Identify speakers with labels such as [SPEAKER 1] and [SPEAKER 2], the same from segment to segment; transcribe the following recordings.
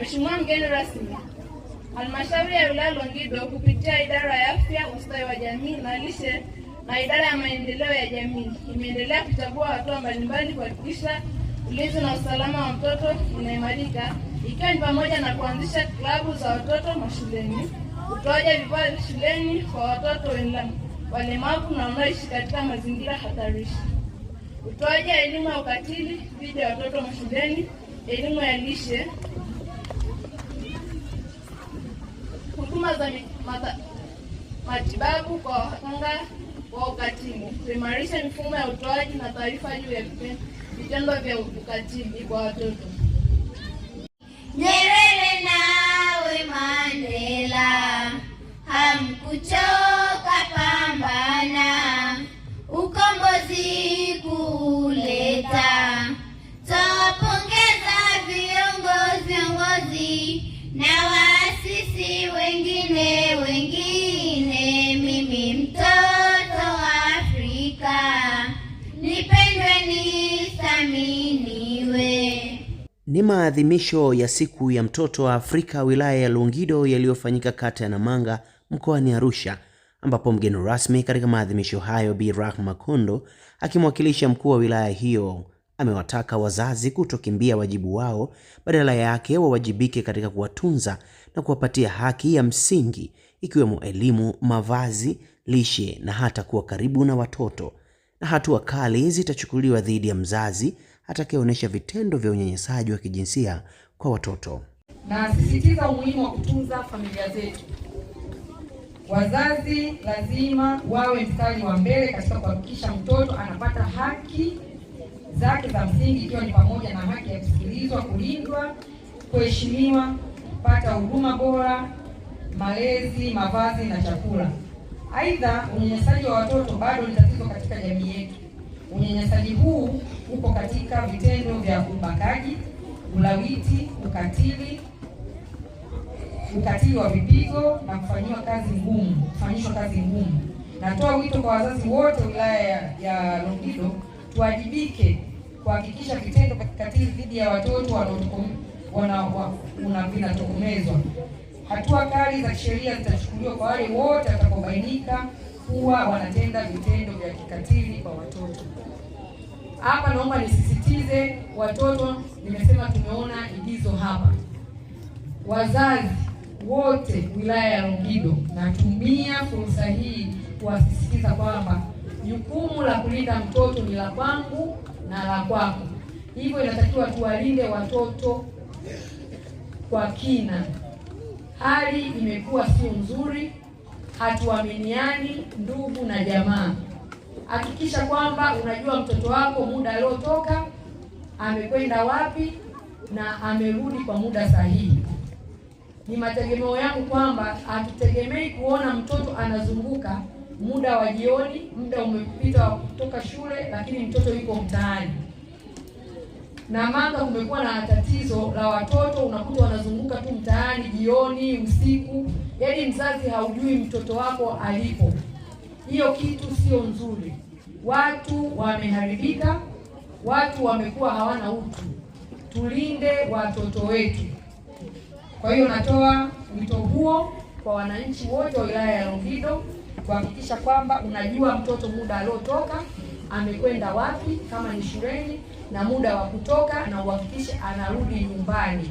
[SPEAKER 1] Mheshimiwa mgeni rasmi, halmashauri ya wilaya Longido kupitia idara ya afya, ustawi wa jamii na lishe na idara ya maendeleo ya jamii imeendelea kuchagua hatua mbalimbali kuhakikisha ulinzi na usalama wa mtoto unaimarika, ikiwa ni pamoja na kuanzisha klabu za watoto mashuleni, utoaji vifaa shuleni kwa watoto walemavu na wanaoishi katika mazingira hatarishi, utoaji elimu ya ukatili dhidi ya watoto mashuleni, elimu ya lishe huduma za matibabu kwa wakanga wa ukatili, kuimarisha mifumo ya utoaji na taarifa juu ya vitendo vya ukatili kwa watoto.
[SPEAKER 2] Nyerere nawe Mandela hamkucho
[SPEAKER 3] maadhimisho ya siku ya mtoto wa Afrika wilaya ya Longido yaliyofanyika kata ya Namanga mkoani Arusha, ambapo mgeni rasmi katika maadhimisho hayo Bi Rahma Kondo akimwakilisha mkuu wa wilaya hiyo amewataka wazazi kutokimbia wajibu wao, badala yake wawajibike katika kuwatunza na kuwapatia haki ya msingi ikiwemo elimu, mavazi, lishe na hata kuwa karibu na watoto, na hatua kali zitachukuliwa dhidi ya mzazi atakayeonyesha vitendo vya unyanyasaji wa kijinsia kwa watoto.
[SPEAKER 1] Nasisitiza umuhimu wa kutunza familia zetu. Wazazi lazima wawe mstari wa mbele katika kuhakikisha mtoto anapata haki zake za msingi, ikiwa ni pamoja na haki ya kusikilizwa, kulindwa, kuheshimiwa, kupata huduma bora, malezi, mavazi na chakula. Aidha, unyanyasaji wa watoto bado ni tatizo katika jamii yetu. Unyanyasaji huu uko katika vitendo vya ubakaji, ulawiti, ukatili, ukatili wa vipigo na kufanyiwa kazi ngumu, kufanyishwa kazi ngumu. Natoa wito kwa wazazi wote wilaya ya Longido tuwajibike kuhakikisha vitendo vya kikatili dhidi ya watoto vinatokomezwa. Hatua kali za kisheria zitachukuliwa kwa wale wote watakaobainika kuwa wanatenda vitendo vya kikatili kwa watoto. Hapa naomba nisisitize, watoto nimesema, tumeona igizo hapa. Wazazi wote wilaya ya Longido, natumia fursa hii kuwasisitiza kwamba jukumu la kulinda mtoto ni la kwangu na la kwako, hivyo inatakiwa tuwalinde watoto kwa kina. Hali imekuwa sio nzuri hatuaminiani ndugu na jamaa. Hakikisha kwamba unajua mtoto wako muda aliotoka amekwenda wapi na amerudi kwa muda sahihi. Ni mategemeo yangu kwamba hatutegemei kuona mtoto anazunguka muda wa jioni, muda umepita wa kutoka shule, lakini mtoto yuko mtaani na Manga kumekuwa na tatizo la watoto, unakuta wanazunguka tu mtaani jioni, usiku, yaani mzazi haujui mtoto wako alipo. Hiyo kitu sio nzuri. Watu wameharibika, watu wamekuwa hawana utu. Tulinde watoto wetu. Kwa hiyo natoa wito huo kwa wananchi wote wa wilaya ya Longido kuhakikisha kwamba unajua mtoto muda aliotoka amekwenda wapi, kama ni shuleni, na muda wa kutoka, na uhakikishe anarudi
[SPEAKER 3] nyumbani.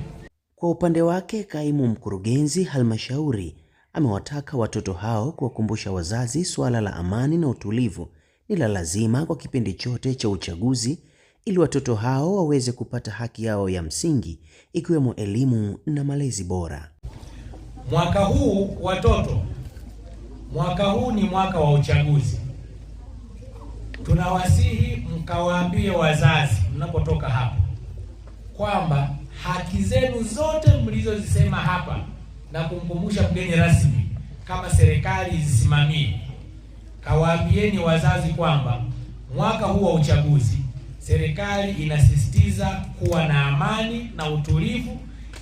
[SPEAKER 3] Kwa upande wake, kaimu mkurugenzi halmashauri amewataka watoto hao kuwakumbusha wazazi suala la amani na utulivu ni la lazima kwa kipindi chote cha uchaguzi ili watoto hao waweze kupata haki yao ya msingi ikiwemo elimu na malezi
[SPEAKER 4] bora. Mwaka huu watoto mwaka huu ni mwaka wa uchaguzi. Tunawasihi mkawaambie wazazi mnapotoka hapa kwamba haki zenu zote mlizozisema hapa na kumkumbusha mgeni rasmi kama serikali zisimamie. Kawaambieni wazazi kwamba mwaka huu wa uchaguzi serikali inasisitiza kuwa na amani na utulivu,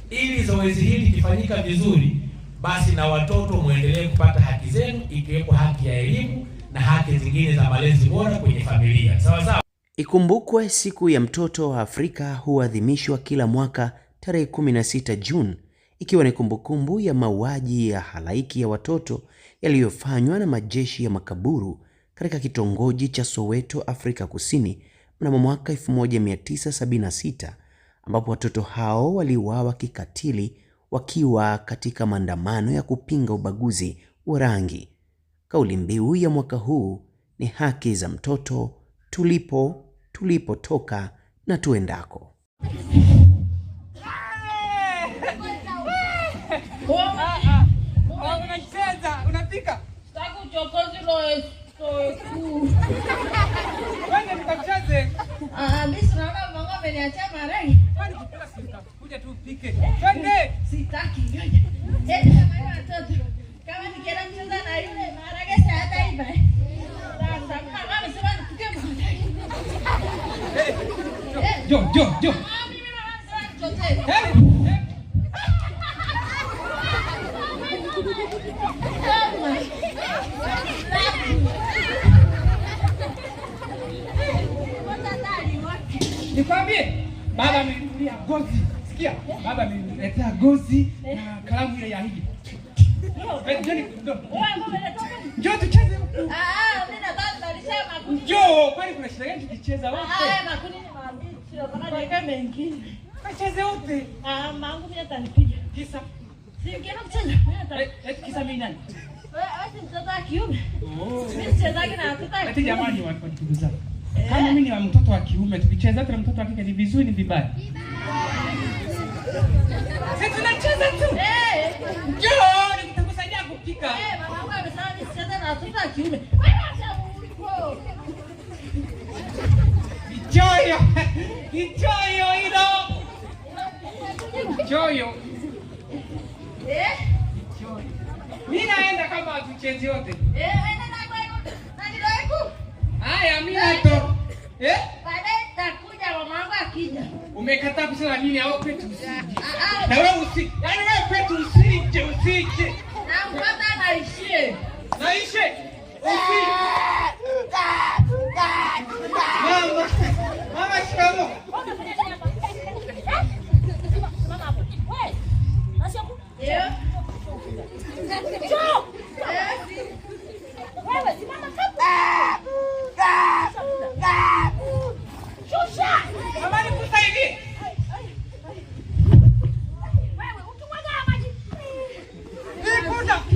[SPEAKER 4] ili zoezi hili likifanyika vizuri basi na watoto mwendelee kupata haki zenu, ikiwepo haki ya elimu na haki zingine za malezi bora kwenye familia.
[SPEAKER 3] Sawa sawa. Ikumbukwe siku ya mtoto wa Afrika huadhimishwa kila mwaka tarehe 16 Juni ikiwa ni kumbukumbu ya mauaji ya halaiki ya watoto yaliyofanywa na majeshi ya makaburu katika kitongoji cha Soweto, Afrika Kusini mnamo mwaka 1976 ambapo watoto hao waliuawa kikatili wakiwa katika maandamano ya kupinga ubaguzi wa rangi. Kauli mbiu ya mwaka huu ni haki za mtoto, tulipo, tulipotoka na tuendako. Ah,
[SPEAKER 5] જો જો જો Nikwambie, baba ameniulia ngozi. Sikia, baba ameniulia letea gozi na kalamu ya hili. Njoo tucheze. Ah, mimi nadhani nilisema makuni. Njoo, kwani kuna shida gani tukicheza wote? Ah, makuni ni mabichi, kwa maana kama mengine. Tucheze wote.
[SPEAKER 6] Ah, mangu mimi
[SPEAKER 5] atanipiga. Kisa. Sikiona kucheza. Eh, kisa eh, mimi nani?
[SPEAKER 6] Wewe wewe mtoto wa kiume. Oh. Mimi sichezagi na
[SPEAKER 5] watoto wa kiume. Ati jamani, watu wa kiume. Kama mimi ni mtoto wa kiume, tukicheza hata mtoto wa kike ni vizuri ni vibaya? Vibaya. Sisi tunacheza
[SPEAKER 6] tu. Eh.
[SPEAKER 5] Njoo nitakusaidia kupika.
[SPEAKER 6] Eh, mama wangu amesema nisicheze na watoto wa kiume. Wewe acha uliko.
[SPEAKER 5] Kichoyo. Kichoyo hilo. Kichoyo. Eh? Kichoyo. Mimi naenda kama tucheze yote.
[SPEAKER 6] Eh, aenda na kwa. Na
[SPEAKER 5] ndio Haya, mimi nato. Eh? eh? Umekataa kusema nini? Au kwetu usije. Ah, ah. Na wewe usije. Yaani wewe kwetu usije,
[SPEAKER 6] usije. Na mkwata
[SPEAKER 5] naishe. Naishe. Usije. Ah,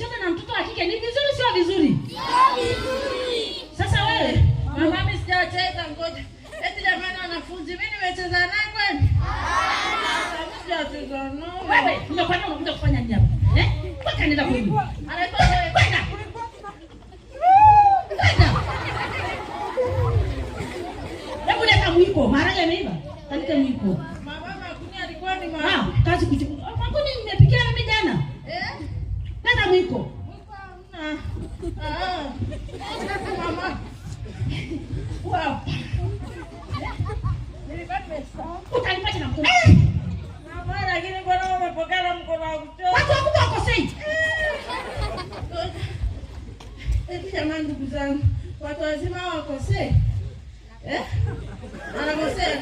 [SPEAKER 7] mtoto na mtoto wa kike ni vizuri, sio vizuri? Sasa wewe mama, mimi sijacheza, ngoja eti jamani, wanafunzi, mimi nimecheza naye
[SPEAKER 8] kweli
[SPEAKER 6] kufanya eh? mama ah, kazi kuchukua Jamani, ndugu zangu, watu wazima hawakosei, anakosea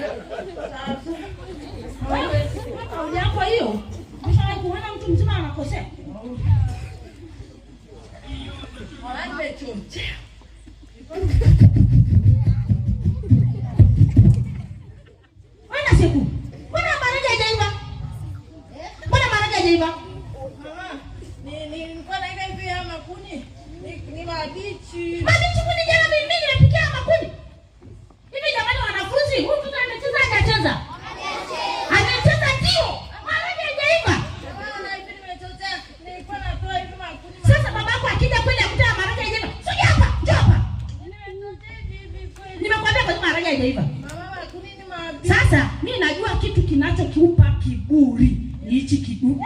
[SPEAKER 6] Ni mabichi.
[SPEAKER 7] Mabichi kuni jana mimi nimepikia makuni. Hivi jamani wanafunzi, huyu mtoto amecheza hajacheza. Amecheza ndio. Mara hajaiva. Sasa babako akija kweli akuta mara hajaiva. Sio hapa, njoo hapa. Nimekwambia
[SPEAKER 6] kwa mara hajaiva.
[SPEAKER 7] Sasa mimi najua kitu kinachokiupa kiburi. Ni hichi kidupa.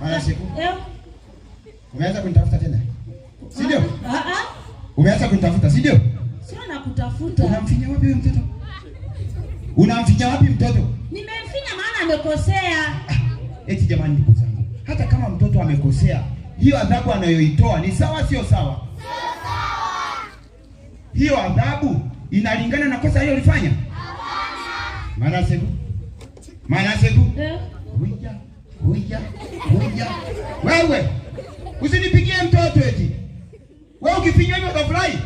[SPEAKER 9] Bwana siku. Umeanza kunitafuta tena? Si ndio? Ah, ah, ah. Umeanza kunitafuta,
[SPEAKER 10] si ndio? Sio
[SPEAKER 9] nakutafuta. Unamfinya wapi huyo mtoto? Unamfinya wapi mtoto?
[SPEAKER 10] Nimemfinya maana amekosea.
[SPEAKER 9] Eti jamani ndugu zangu. Hata kama mtoto amekosea, hiyo adhabu anayoitoa ni sawa sio sawa? Hiyo adhabu inalingana na kosa hiyo Hapana. Maana siku. Maana Yeah huja huja. Wewe usinipigie mtoto eti wewe, ukifinywa hivyo utafurahi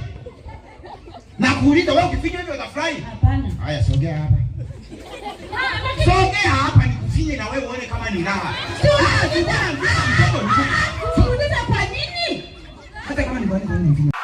[SPEAKER 9] na kuuliza. Wewe ukifinywa
[SPEAKER 10] hivyo utafurahi? Hapana.
[SPEAKER 9] Haya, sogea hapa, sogea hapa nikufinye na wewe uone kama ni raha.
[SPEAKER 10] Mtoto nikuuliza, kwa nini
[SPEAKER 9] hata kama ni bwana